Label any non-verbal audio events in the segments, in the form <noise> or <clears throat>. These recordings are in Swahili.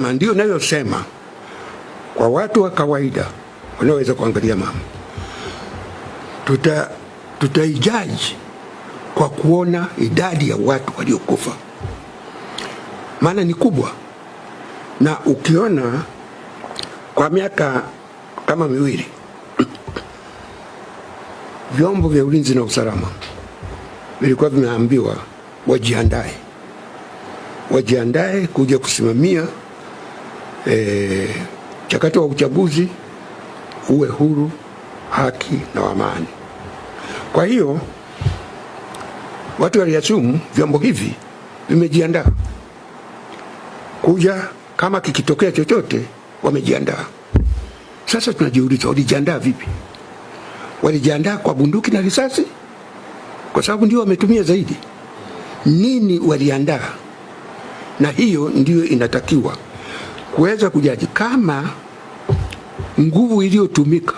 na ndio nayosema kwa watu wa kawaida wanaoweza kuangalia mama, tuta tutaijaji kwa kuona idadi ya watu waliokufa, maana ni kubwa, na ukiona kwa miaka kama miwili <clears throat> vyombo vya ulinzi na usalama vilikuwa vimeambiwa wajiandae, wajiandae kuja kusimamia Eh, mchakato e, wa uchaguzi uwe huru, haki na amani. Kwa hiyo watu waliasumu vyombo hivi vimejiandaa kuja, kama kikitokea chochote wamejiandaa. Sasa tunajiuliza walijiandaa vipi? Walijiandaa kwa bunduki na risasi, kwa sababu ndio wametumia zaidi. Nini waliandaa? Na hiyo ndiyo inatakiwa kuweza kujaji kama nguvu iliyotumika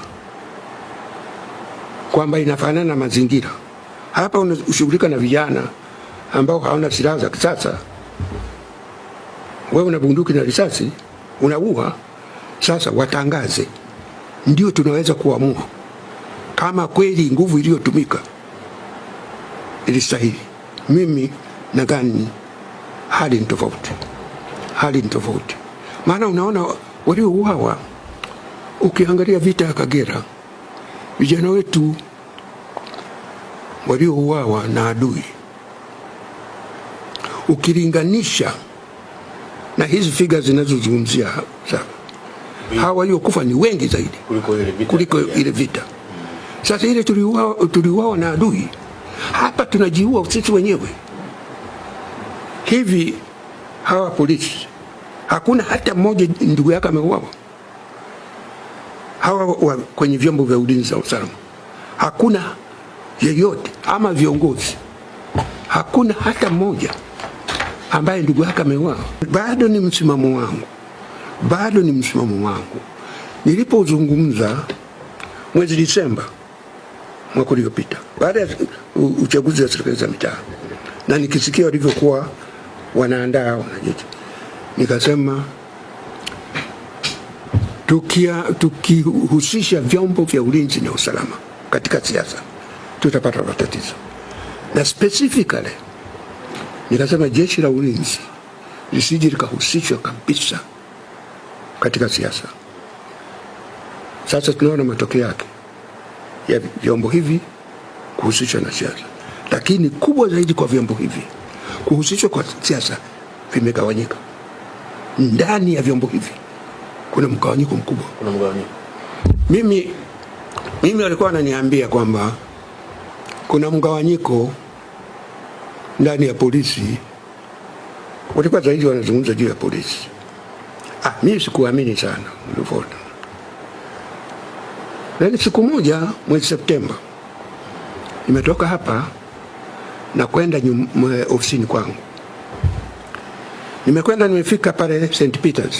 kwamba inafanana na mazingira. Hapa unashughulika na vijana ambao hawana silaha za kisasa, wewe una bunduki na risasi, unaua. Sasa watangaze, ndio tunaweza kuamua kama kweli nguvu iliyotumika ilistahili. Mimi nadhani hali ni tofauti, hali ni tofauti. Maana unaona waliouawa, ukiangalia vita ya Kagera, vijana wetu waliouawa na adui, ukilinganisha na hizi figa zinazozungumzia hawa waliokufa ni wengi zaidi kuliko ile vita, hmm. Sasa ile tuliuawa, tuliuawa na adui, hapa tunajiua sisi wenyewe. Hivi hawa polisi Hakuna hata mmoja ndugu yake ameuawa. Hawa wa, kwenye vyombo vya ulinzi na usalama hakuna yeyote ama viongozi, hakuna hata mmoja ambaye ndugu yake ameuawa. Bado ni msimamo wangu, bado ni msimamo wangu. Nilipozungumza mwezi Disemba mwaka uliopita baada ya uchaguzi wa serikali za mitaa, na nikisikia walivyokuwa wanaandaa wanajeshi nikasema tukia tukihusisha vyombo vya ulinzi na usalama katika siasa tutapata matatizo, na specifically nikasema jeshi la ulinzi lisije likahusishwa kabisa katika siasa. Sasa tunaona matokeo yake ya vyombo hivi kuhusishwa na siasa, lakini kubwa zaidi kwa vyombo hivi kuhusishwa kwa siasa vimegawanyika ndani ya vyombo hivi kuna mgawanyiko mkubwa, kuna mgawanyiko. Mimi, mimi walikuwa wananiambia kwamba kuna mgawanyiko ndani ya polisi, walikuwa zaidi wanazungumza juu ya polisi. Ah, mimi sikuamini sana ulivyoona, lakini siku moja mwezi Septemba nimetoka hapa na kwenda ofisini kwangu Nimekwenda nimefika pale St Peters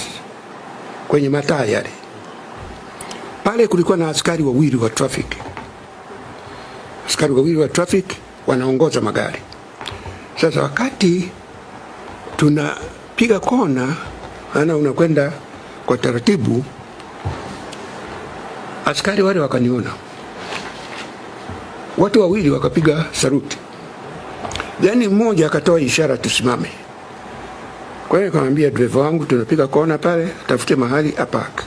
kwenye mataa yale, pale kulikuwa na askari wawili wa traffic, askari wawili wa traffic wanaongoza magari. Sasa wakati tunapiga kona, ana unakwenda kwa taratibu, askari wale wakaniona, watu wawili wakapiga saruti, then mmoja akatoa ishara tusimame kwa hiyo nikamwambia dereva wangu, tunapiga kona pale, tafute mahali apark.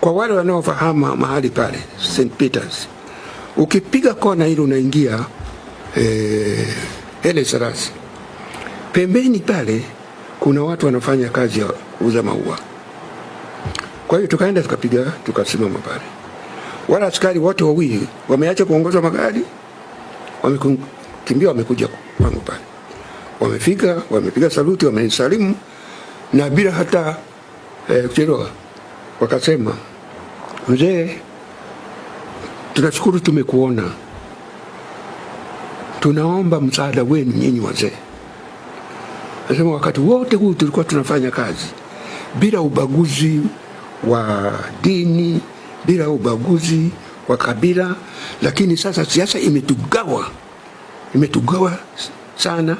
Kwa wale wanaofahamu mahali pale St Peters, ukipiga kona ile unaingia eh, hele sarasi pembeni pale kuna watu wanafanya kazi ya uza maua. Kwa hiyo tukaenda tukapiga tukasimama pale, wale askari wote wawili wameacha kuongoza magari, wamekimbia wamekuja kwangu pale wamefika, wamepiga saluti, wamenisalimu na bila hata eh, kuchelewa. Wakasema, mzee, tunashukuru tumekuona, tunaomba msaada wenu nyinyi wazee. Anasema wakati wote huu tulikuwa tunafanya kazi bila ubaguzi wa dini, bila ubaguzi wa kabila, lakini sasa siasa imetugawa, imetugawa sana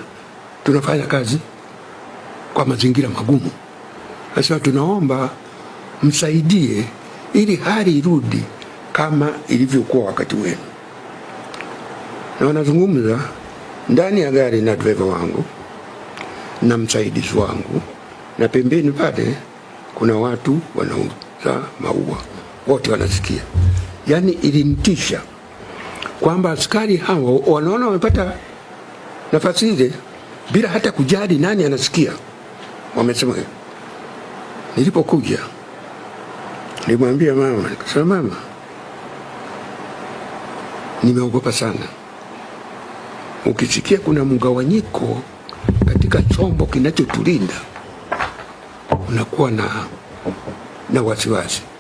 tunafanya kazi kwa mazingira magumu. Sasa tunaomba msaidie ili hali irudi kama ilivyokuwa wakati wenu. Na wanazungumza ndani ya gari na driver wangu na msaidizi wangu, na pembeni pale kuna watu wanauza maua, wote wanasikia. Yani ilinitisha kwamba askari hao wanaona wamepata nafasi ile bila hata kujali nani anasikia. Wamesema hivyo. Nilipokuja nilimwambia mama, nikasema mama, nimeogopa sana. Ukisikia kuna mgawanyiko katika chombo kinachotulinda unakuwa na na wasiwasi.